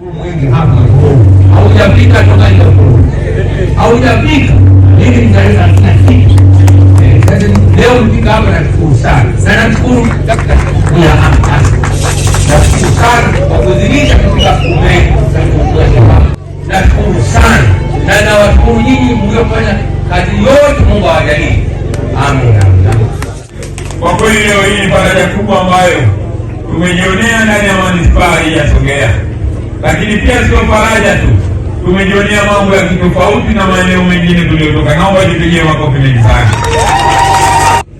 mwingi hapa haujapika toka ile haujapika mimi nitaweza hamsini na leo mpika hapa na kushukuru sana na namshukuru Dakta Samia nashukuru sana kwa kuzilisha katika umeme nashukuru sana na nawashukuru nyinyi mliofanya kazi yote Mungu awajalie amen kwa kweli leo hii ni faraja kubwa ambayo tumejionea ndani ya manispaa ya Songea lakini pia sio faraja tu, tumejionea mambo ya kitofauti na maeneo mengine tuliotoka. Naomba jipigie makofi mengi sana.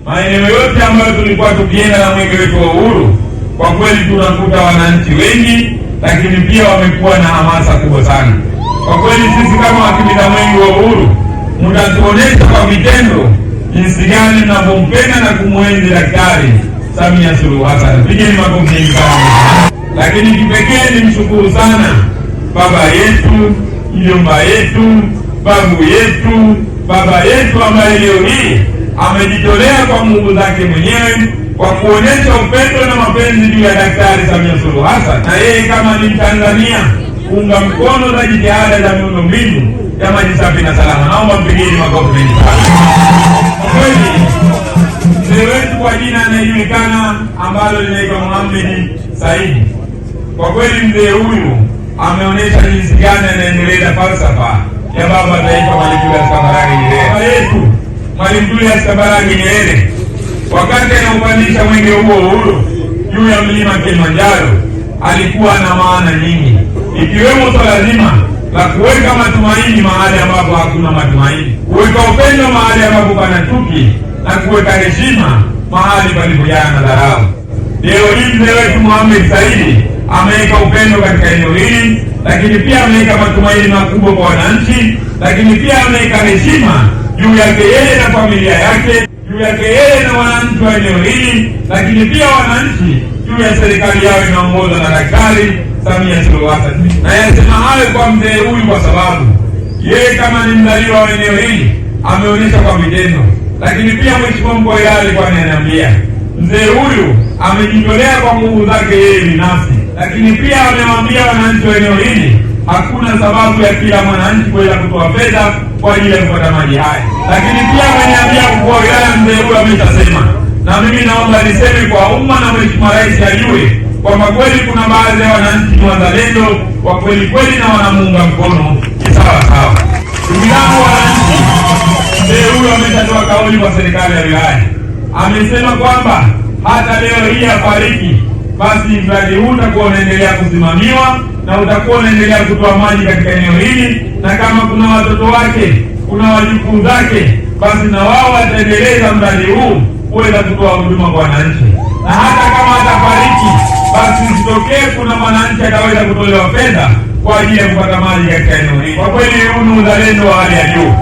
Maeneo yote ambayo tulikuwa tukienda na mwenge wetu wa uhuru, kwa kweli tunakuta wananchi wengi, lakini pia wamekuwa na hamasa kubwa sana. Kwa kweli sisi kama wakimbiza mwenge wa uhuru, mtatuonesha kwa vitendo jinsi gani mnavyompenda na kumwenzi Daktari Samia Suluhu Hassan. Pigeni makofi mengi sana lakini kipekee mshukuru sana baba yetu, nyumba yetu, babu yetu, baba yetu ambaye leo hii amejitolea kwa nguvu zake mwenyewe kwa kuonyesha upendo na mapenzi juu ya Daktari Samia Suluhu Hassan, na yeye kama ni Mtanzania kuunga mkono za jitihada za mbinu ya maji safi na salama. Naomba mpigeni makofi mengi sana kweli mzee wetu kwa jina anayejulikana ambalo linaitwa Mohamed Saidi kwa kweli mzee huyu ameonyesha jinsi gani anaendeleza falsafa ya baba taifa Mwalimu Julius Kambarage Nyerere, baba yetu Mwalimu Julius Kambarage Nyerere. Wakati anaupandisha mwenge huo huo juu ya mlima Kilimanjaro alikuwa na maana nyingi, ikiwemo swala zima la kuweka matumaini mahali ambapo hakuna matumaini, kuweka upendo mahali ambapo pana chuki, na kuweka heshima mahali palipojaa na dharau. Leo hii mzee wetu Mohamed Saidi ameweka upendo katika eneo hili, lakini pia ameweka matumaini makubwa kwa wananchi, lakini pia ameweka heshima juu yake yeye na familia yake, juu yake yeye na wananchi wa eneo hili, lakini pia wananchi juu ya serikali yao inaongozwa na Daktari Samia Suluhu Hassan. Na yasema hayo kwa mzee huyu kwa sababu yeye kama ni mzaliwa wa eneo hili ameonyesha kwa vitendo, lakini pia Mheshimiwa Mkwaila alikuwa ananiambia mzee huyu amejitolea kwa nguvu zake yeye binafsi lakini pia wamewaambia wananchi wa eneo hili hakuna sababu ya kila mwananchi kuenda kutoa fedha kwa ajili ya kupata maji haya. Lakini pia wameniambia mkuu wa wilaya mzee huyo ameshasema, na mimi naomba niseme kwa umma na mheshimiwa rais ajue kwamba kweli kuna baadhi ya wananchi ni wazalendo wa kweli kweli na wanamuunga mkono sawa sawa. Ndugu wananchi, mzee huyo ameshatoa kauli kwa serikali ya wilaya, amesema kwamba hata leo hii afariki basi mradi huu utakuwa unaendelea kusimamiwa na utakuwa unaendelea kutoa maji katika eneo hili, na kama kuna watoto wake, kuna wajukuu zake, basi na wao wataendeleza mradi huu kuweza kutoa huduma kwa wananchi, na hata kama atafariki, basi usitokee kuna mwananchi ataweza kutolewa fedha kwa ajili ya kupata maji katika eneo hili. Kwa kweli, huu ni uzalendo wa hali ya juu.